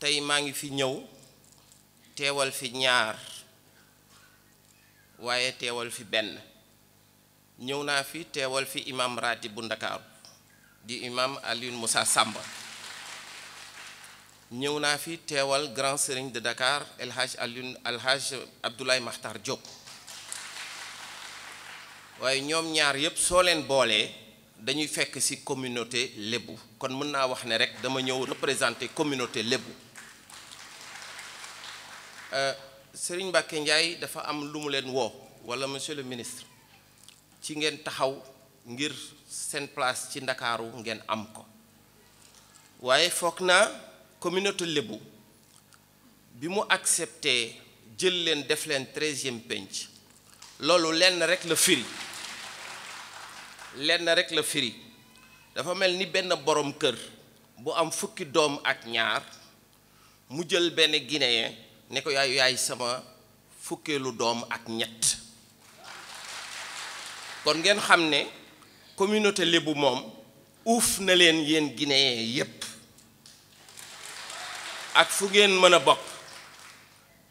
tey maa ngi fi ñëw teewal fi ñaar waaye teewal fi benn ñëw naa fi teewal fi imam ratib bu ndakaaru di imam Alioune Moussa Samba ñëw naa fi teewal grand sëriñ de Dakar El Hadj Alioune El Hadj Abdoulaye waaye ñoom ñaar yëpp soo leen boolee dañuy fekk ci communauté lébu kon mën naa wax ne rek dama ñëw représenter communauté lébu euh, Serigne Mbacke Ndiaye dafa am lu mu leen woo walla mosieur le ministre ci ngeen taxaw ngir seen place ci ndakaaru ngeen am ko waaye fook naa communauté lébu bi mu accepté jël leen def leen treizième penc loolu lenn rek la firi lenn rek la firi dafa mel ni benn borom kër bu am fukki doom ak ñaar mu jël benn guinéen ne ko yaay yaay sama fukkeelu doom ak ñett kon ngeen xam ne communauté lébu moom uuf na leen yéen guinéen yépp ak fu ngeen mën a bokk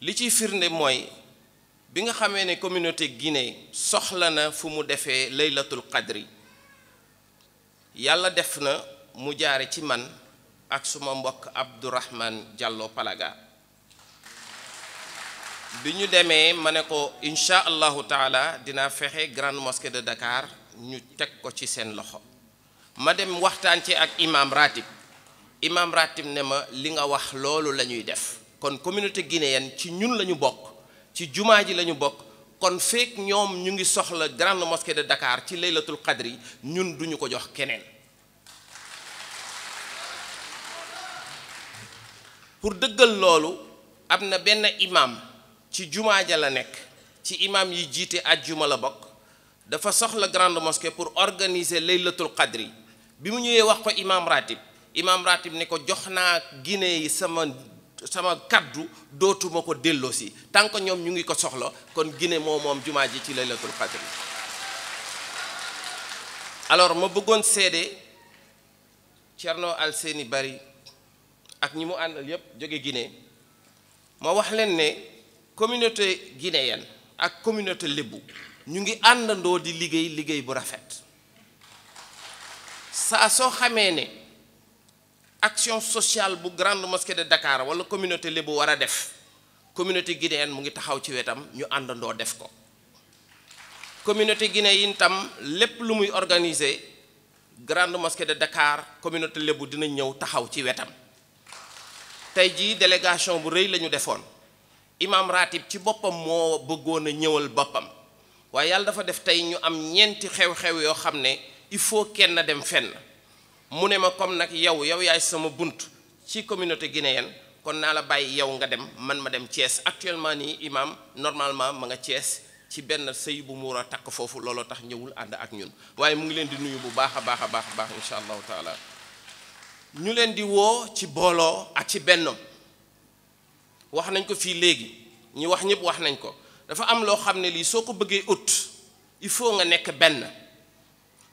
li ciy firnde mooy bi nga xamee ne communauté Guinée soxla na fu mu defee laylatul qadri yàlla def na mu jaare ci man ak suma mbokk Abdourahman Diallo Palaga bi ñu demee ma ne ko incha allahu taala dinaa fexe grande mosquée de Dakar ñu teg ko ci seen loxo ma dem waxtaan ci ak imam ratib imam ratib ne ma li nga wax loolu la ñuy def kon communauté guinéenne ci ñun la ñu bokk ci jumaa ji lañu bokk kon feek ñoom ñu ngi soxla grande mosquée de Dakar ci laylatul kadri ñun duñu ko jox keneen pour dëggal loolu am na benn imam ci jumaa ja la nekk ci imam yi jiite àjjuma la bokk dafa soxla grande mosquée pour organiser laylatul qadri bi mu ñëwee wax ko imam ratib imam ratib ne ko jox naa gine yi sama sama kàddu dootuma ko delloosi tant que ñoom ñu ngi ko soxla kon gine moo moom jumaa ji ci la laylatul qadr alors ma bëggoon seede Thierno seeni Bari ak ñi mu àndal yépp jóge gine ma wax leen ne communauté guinéenne ak communauté lébu ñu ngi àndandoo di liggéey liggéey bu rafet saa soo xamee ne action sociale bu grande mosquée de Dakar wala communauté lébu war a def communauté guinéenne mu ngi taxaw ci wetam ñu àndandoo def ko communauté guinéenne tam lépp lu muy organiser grande mosquée de Dakar communauté lébu dina ñëw taxaw ci wetam tey jii délégation bu rëy la ñu defoon imam ratib ci boppam moo bëggoon a ñëwal boppam waaye yàlla dafa def tey ñu am ñeenti xew-xew yoo xam ne il faut kenn dem fenn mu ne ma comme nag yow yow yaay sama bunt ci communauté guinéenne kon naa la bàyyi yow nga dem man ma dem cees actuellement nii imaam normalement ma nga cees ci benn sëy bu mu war a takk foofu looloo tax ñëwul ànd ak ñun waaye mu ngi leen di nuyu bu baax a baax a baax a baax incha allahu taala ñu leen di woo ci booloo ak ci benn wax nañ ko fii léegi ñu wax ñëpp wax nañ ko dafa am loo xam ne lii soo ko bëggee ut il faut nga nekk benn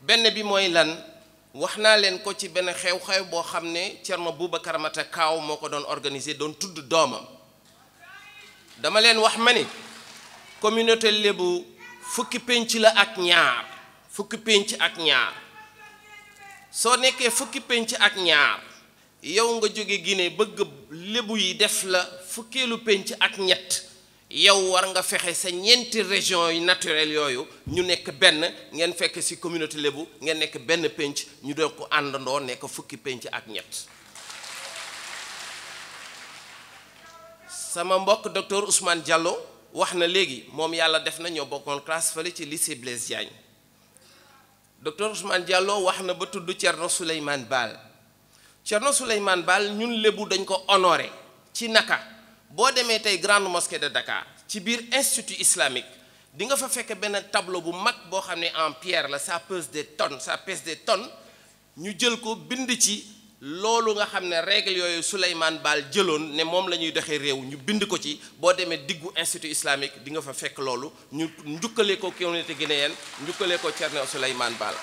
benn bi mooy lan wax naa leen ko ci benn xew-xew boo xam ne Thierno Boubacar Mata Kaaw moo ko doon organisé doon tudd doomam dama leen wax ma ne communauté lébu fukki pénc la ak ñaar fukki pénc ak ñaar soo nekkee fukki pénc ak ñaar yow nga jóge Guinée bëgg lébu yi def la fukkeelu pénc ak ñett yow war nga fexe sa ñeenti région yu naturel yooyu ñu nekk benn ngeen fekk ci communauté lébu ngeen nekk benn pénc ñu doon ko àndandoo nekk fukki pénc ak ñett sama mbokk docteur Ousmane Diallo wax na léegi moom yàlla def na ñoo bokkoon classe fële ci lycée Blaise Diagne docteur Ousmane Diallo wax na ba tudd Thierno Souleymane Baal Thierno Souleymane Baal ñun lébu dañ ko honoré ci naka boo demee tey grande mosquée de Dakar ci biir institut islamique di nga fa fekk benn tableau bu mag boo xam ne en pierre la ça pèse des tonnes ça pèse des tonnes ñu jël ko bind ci loolu nga xam ne règle yooyu Souleymane Baal jëloon ne moom la ñuy doxee réew ñu bind ko ci boo demee diggu institut islamique di nga fa fekk loolu ñu njukkale ko communauté guinéenne njukkale ko Thierno Souleymane Baal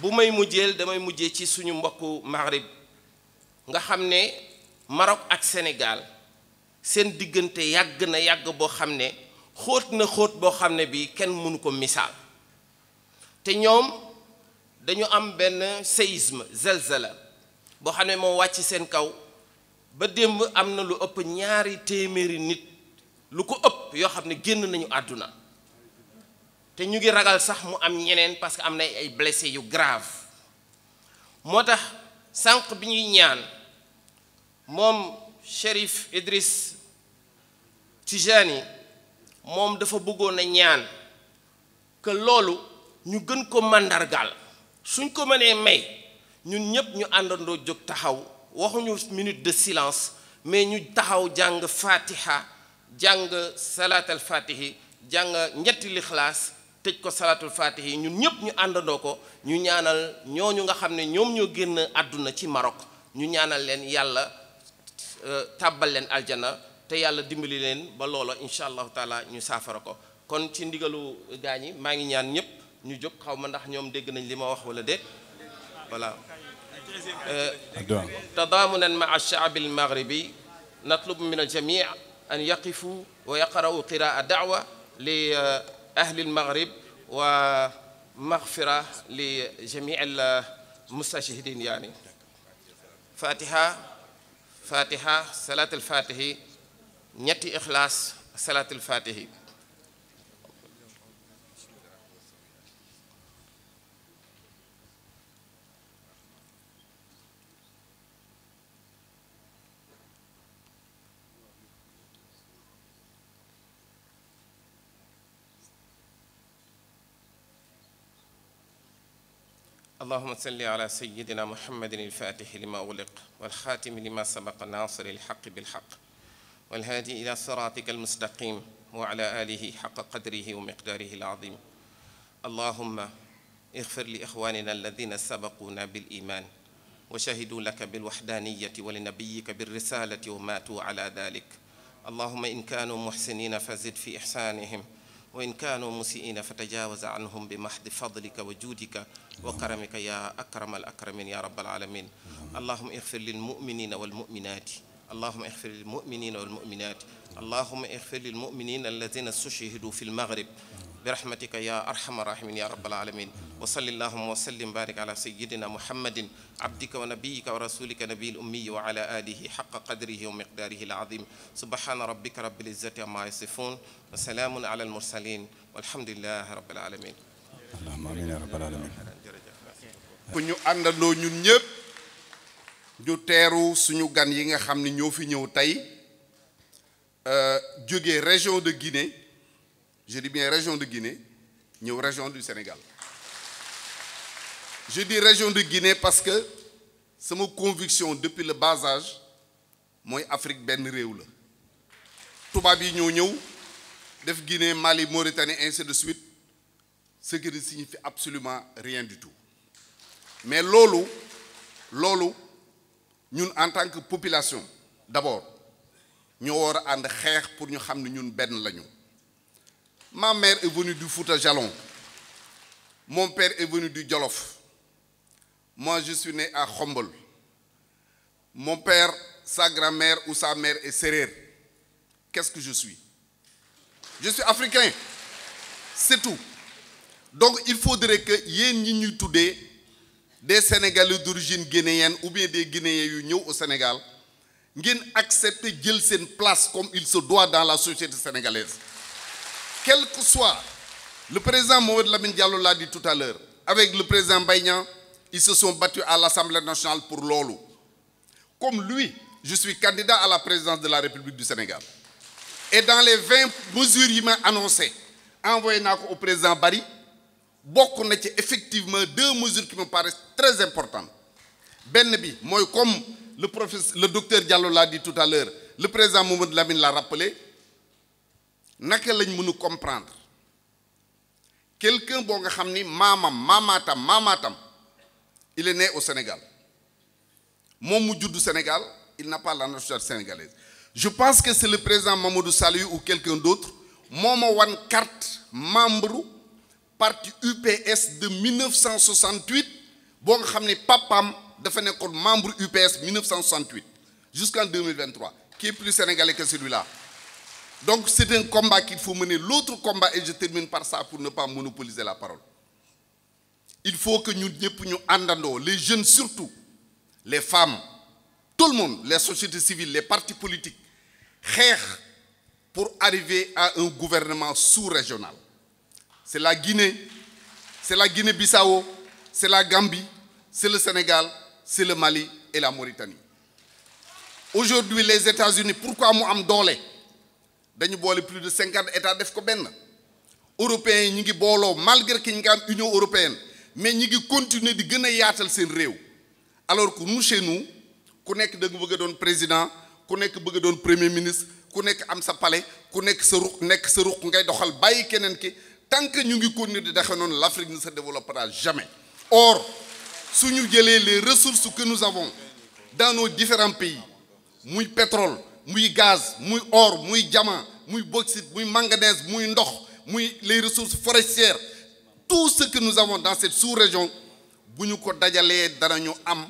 bu may mujjeel damay mujjee ci suñu mbokku Maghrib nga xam ne Maroc ak Sénégal seen diggante yàgg na yàgg boo xam ne xóot na xóot boo xam ne bi kenn mënu ko misaal te ñoom dañu am benn séisme zelzala boo xam ne moo wàcc seen kaw ba démb am na lu ëpp ñaari téeméeri nit lu ko ëpp yoo xam ne génn nañu àdduna te ñu ngi ragal sax mu am ñeneen parce que am na ay blessés yu grave moo tax sànq bi ñuy ñaan moom Chérif Idriss Tijani moom dafa bëggoon a ñaan que loolu ñu gën ko màndargaal suñ ko mënee may ñun ñépp ñu àndandoo jóg taxaw waxuñu minute de silence mais ñu taxaw jàng fatiha jàng salaatal fatihi jàng ñetti lixlaas tëj ko salaatul fatihi ñun ñépp ñu àndandoo ko ñu ñaanal ñooñu nga xam ne ñoom ñoo génn àdduna ci Maroc ñu ñaanal leen yàlla Euh, tàbbal leen aljana te yàlla dimbali leen ba loola incha allahu taala ñu saafara ko kon ci ndigalu gaa ñi maa ngi ñaan ñëpp ñu jóg xaw ma ndax ñoom dégg nañ li ma wax wala déet voilà euh, tadaamunan ma alshaabi almaghribi natlub min aljami an yaqifu wa yaqra'u qiraa da'wa li euh, ahli almaghrib wa maghfira li jami almustashhidin yaani fatiha fatiha salaatul fatihi ñetti ixlaas salaatul fatihi اللهم صل على سيدنا محمد الفاتح لما أغلق والخاتم لما سبق ناصر الحق بالحق والهادي إلى صراطك المستقيم وعلى آله حق قدره ومقداره العظيم اللهم اغفر لإخواننا الذين سبقونا بالإيمان وشهدوا لك بالوحدانية ولنبيك بالرسالة وماتوا على ذلك اللهم إن كانوا محسنين فزد في إحسانهم wa in kaanu musiina fa tajaawaza anhum bi maxdi fadlika wa juudika wa karamika yaa akramal akramin yaa rabbal alamin allahuma ixfir lil muminina wal muminaati allahuma ixfir lil muminina wal muminaati allahuma ixfir lil muminina alladina stushhidu fi lmagrib برحمتك يا أرحم الراحمين يا رب العالمين وصل اللهم وسلم بارك على سيدنا محمد عبدك ونبيك ورسولك نبي الأمي وعلى آله حق قدره ومقداره العظيم سبحان ربك رب العزة عما يصفون وسلام على المرسلين والحمد لله رب العالمين اللهم آمين يا رب العالمين ku ñu àndandoo ñun ñépp ñu teeru suñu gan yi nga xam ne ñoo fi ñëw tey jóge région de Guinée je dis bien région de Guinée ñëw région du Sénégal je dis région de Guinée parce que sama conviction depuis le bas mooy Afrique benn réew la tubaab yi ñoo ñëw def Guinée Mali Mauritanie ainsi de suite ce qui ne signifie absolument rien du tout mais loolu loolu ñun en tant que population d'abord ñoo war a ànd xeex pour ñu xam ni ñun benn lañu Ma mère est venue du Fouta Jalon. Mon père est venu du Djolof. Moi, je suis né à Khombol. Mon père, sa grand ou sa mère est serrère. Qu'est-ce que je suis Je suis africain. C'est tout. Donc, il faudrait que Yen Toudé, des Sénégalais d'origine guinéenne ou bien des Guinéens au Sénégal, acceptent accepter sen place comme il se doit dans la société sénégalaise. quel que soit le président Mohamed Lamine Diallo l'a dit tout à l'heure avec le président Baïna ils se sont battus à l'Assemblée nationale pour loolu comme lui je suis candidat à la présidence de la République du Sénégal et dans les vingt mesures yi ma annoncé envoyé na ko au président Barry bokk na ci effectivement deux mesures qui me paraissent très importantes benn bi mooy comme le professeur le docteur Diallo l'a dit tout à l'heure le président Mamadou Lamine l'a rappelé naka lañ mënu comprendre quelqu'un boo nga xam ni maamam maamaatam maamaatam il est né au Sénégal moom mu juddu Sénégal il n'a pas la nationalité sénégalaise je pense que c'est le président Mamadou Saliou ou quelqu'un d'autre moo ma wan carte membre parti UPS de 1968 boo nga xam ni papam dafa nekkoon membre UPS 1968 jusqu'en 2023 qui est plus sénégalais que celui-là Donc c'est un combat qu'il faut mener. L'autre combat, et je termine par ça pour ne pas monopoliser la parole. Il faut que nous nous les jeunes surtout, les femmes, tout le monde, les sociétés civiles, les partis politiques, pour arriver à un gouvernement sous-régional. C'est la Guinée, c'est la Guinée-Bissau, c'est la Gambie, c'est le Sénégal, c'est le Mali et la Mauritanie. Aujourd'hui, les États-Unis, pourquoi am doole dañu boole plus de cinquante états def ko benn européens yi ñu ngi booloo malgré ki ñu ngi am union européenne mais ñi ngi continuer di gën a yaatal seen réew alors que nous chez ku nekk da nga bëgg a doon président ku nekk bëgg a doon premier ministre ku nekk am sa pale ku nekk sa ruq nekk sa ruq ngay doxal bàyyi keneen ki tant que ñu ngi continuer di doxee noonu l'Afrique ne se développera jamais or su ñu jëlee les ressources que nous avons dans nos différents pays muy pétrole muy gaz muy or muy diamant muy bauxite muy manganèse muy ndox muy les ressources forestières tout ce que nous avons dans cette sous-région bu ñu ko dajalee ñu am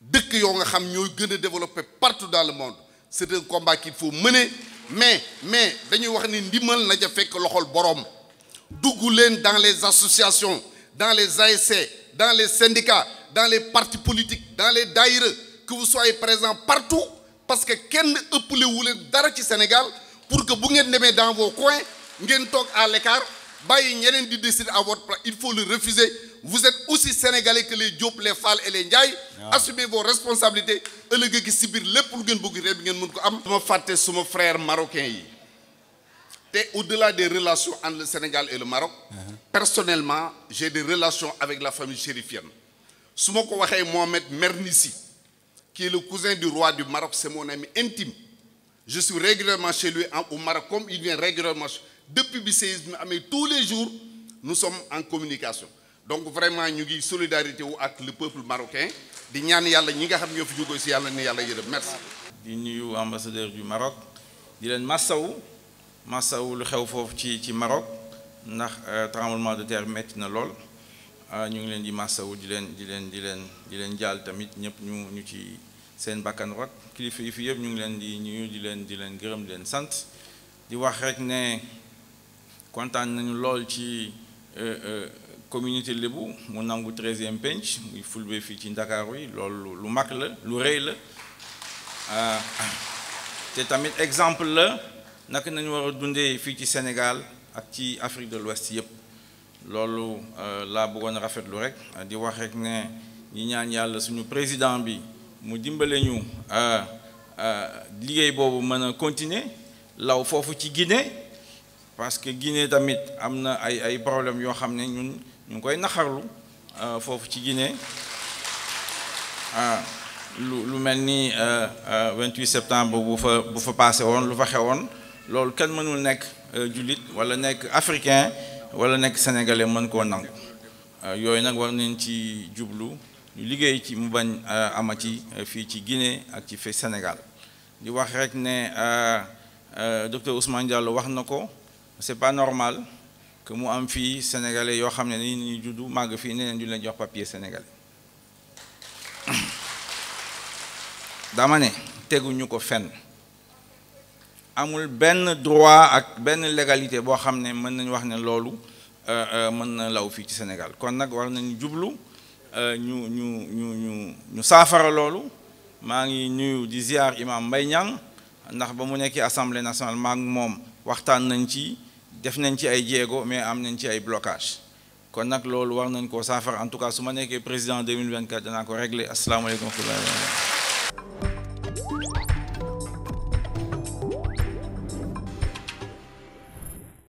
dëkk yow nga xam ñooy gën a développé partout dans le monde c'est un combat qu'il faut mener mais mais dañuy wax ni ndimbal na ja fekk loxol borom dugg leen dans les associations dans les ASC dans les syndicats dans les partis politiques dans les daïra que vous soyez présents partout parce que kenn ëppale wu leen dara ci Sénégal pour que bu ngeen demee dans vos coins ngeen toog à l'écart bàyyi ñeneen di décider à votre place il faut le refuser vous êtes aussi sénégalais que les Diop les Fall et les Ndiaye. Ah. assumez vos responsabilités ëllëg gi si biir lépp lu ngeen bëgg réew bi ngeen mën ko am. suma fàtte suma frère marocain yi te au-delà des relations entre le Sénégal et le Maroc. Uh-huh. personnellement j'ai des relations avec la famille chérifienne su ma ko waxee Mohamed Mernissi. kii est le cousin du roi du Maroc, c'est mon ami intime. Je suis régulièrement chez lui en, au Maroc, comme il vient régulièrement. Depuis le séisme, mais tous les jours, nous sommes en communication. Donc vraiment, nous avons solidarité avec le peuple marocain. Nous Merci. Nous ambassadeur du Maroc. Nous Massaou. Massaou, ci Maroc. ndax euh, tremblement de terre lool Ah, ñu ngi leen di massawu di leen di leen di leen di leen jaal tamit ñëpp ñu ñu ci seen bakkan rot kilifa yi fi yëpp ñu ngi leen di ñu di leen di leen gërëm di leen sant di wax rek ne kontaan nañu lool ci euh, euh, communauté lébu mu nangu treizième penc muy fulbe fii ci ndakaaru yi loolu lu mag la lu rëy la ah, te tamit exemple la naka nañu war dundee fii ci Sénégal ak ci Afrique de l'Ouest yëpp loolu euh, laa bëggoon rafetlu rek di wax rek ne ñi ñaan yàlla suñu président bi mu dimbale ñu euh, euh, liggéey boobu mën a continuer law foofu ci Guinée parce que Guinée tamit am na ay ay problèmes yoo xam ne ñun ñu ngi koy naxarlu foofu ci Guinée lu lu mel ni 28 septembre bu fa bu fa passé woon lu fa woon loolu kenn mënul nekk jullit walla nekk africain wala nekk sénégalais mën koo nangu euh, yooyu nag war nañ ci jublu liggéey ci mu bañ euh, amati euh, fii ci Guinée ak ci fi Sénégal di wax rek ne docteur Ousmane Diallo wax na ko c'est pas normal que mu am fii sénégalais yoo xam ne ni ñuy juddu màgg fii neneen du leen jox papier sénégalais dama ne teguñu ko fenn amul benn droit ak benn légalité boo xam ne mën nañ wax ne loolu euh, euh, mën na law fii ci Sénégal kon nag war nañu jublu euh, ñu ñu ñu ñu ñu saafara loolu maa ngi nuyu di ziar imam mbay Niang ndax ba mu nekkee assemblée nationale maa ngi moom waxtaan nañ ci def nañ ci ay jéego mais am nañ ci ay blocage kon nag loolu war nañ koo saafara en tout cas su ma nekkee président 2024 danaa ko réglé asalaamaaleykum wa rahmatulah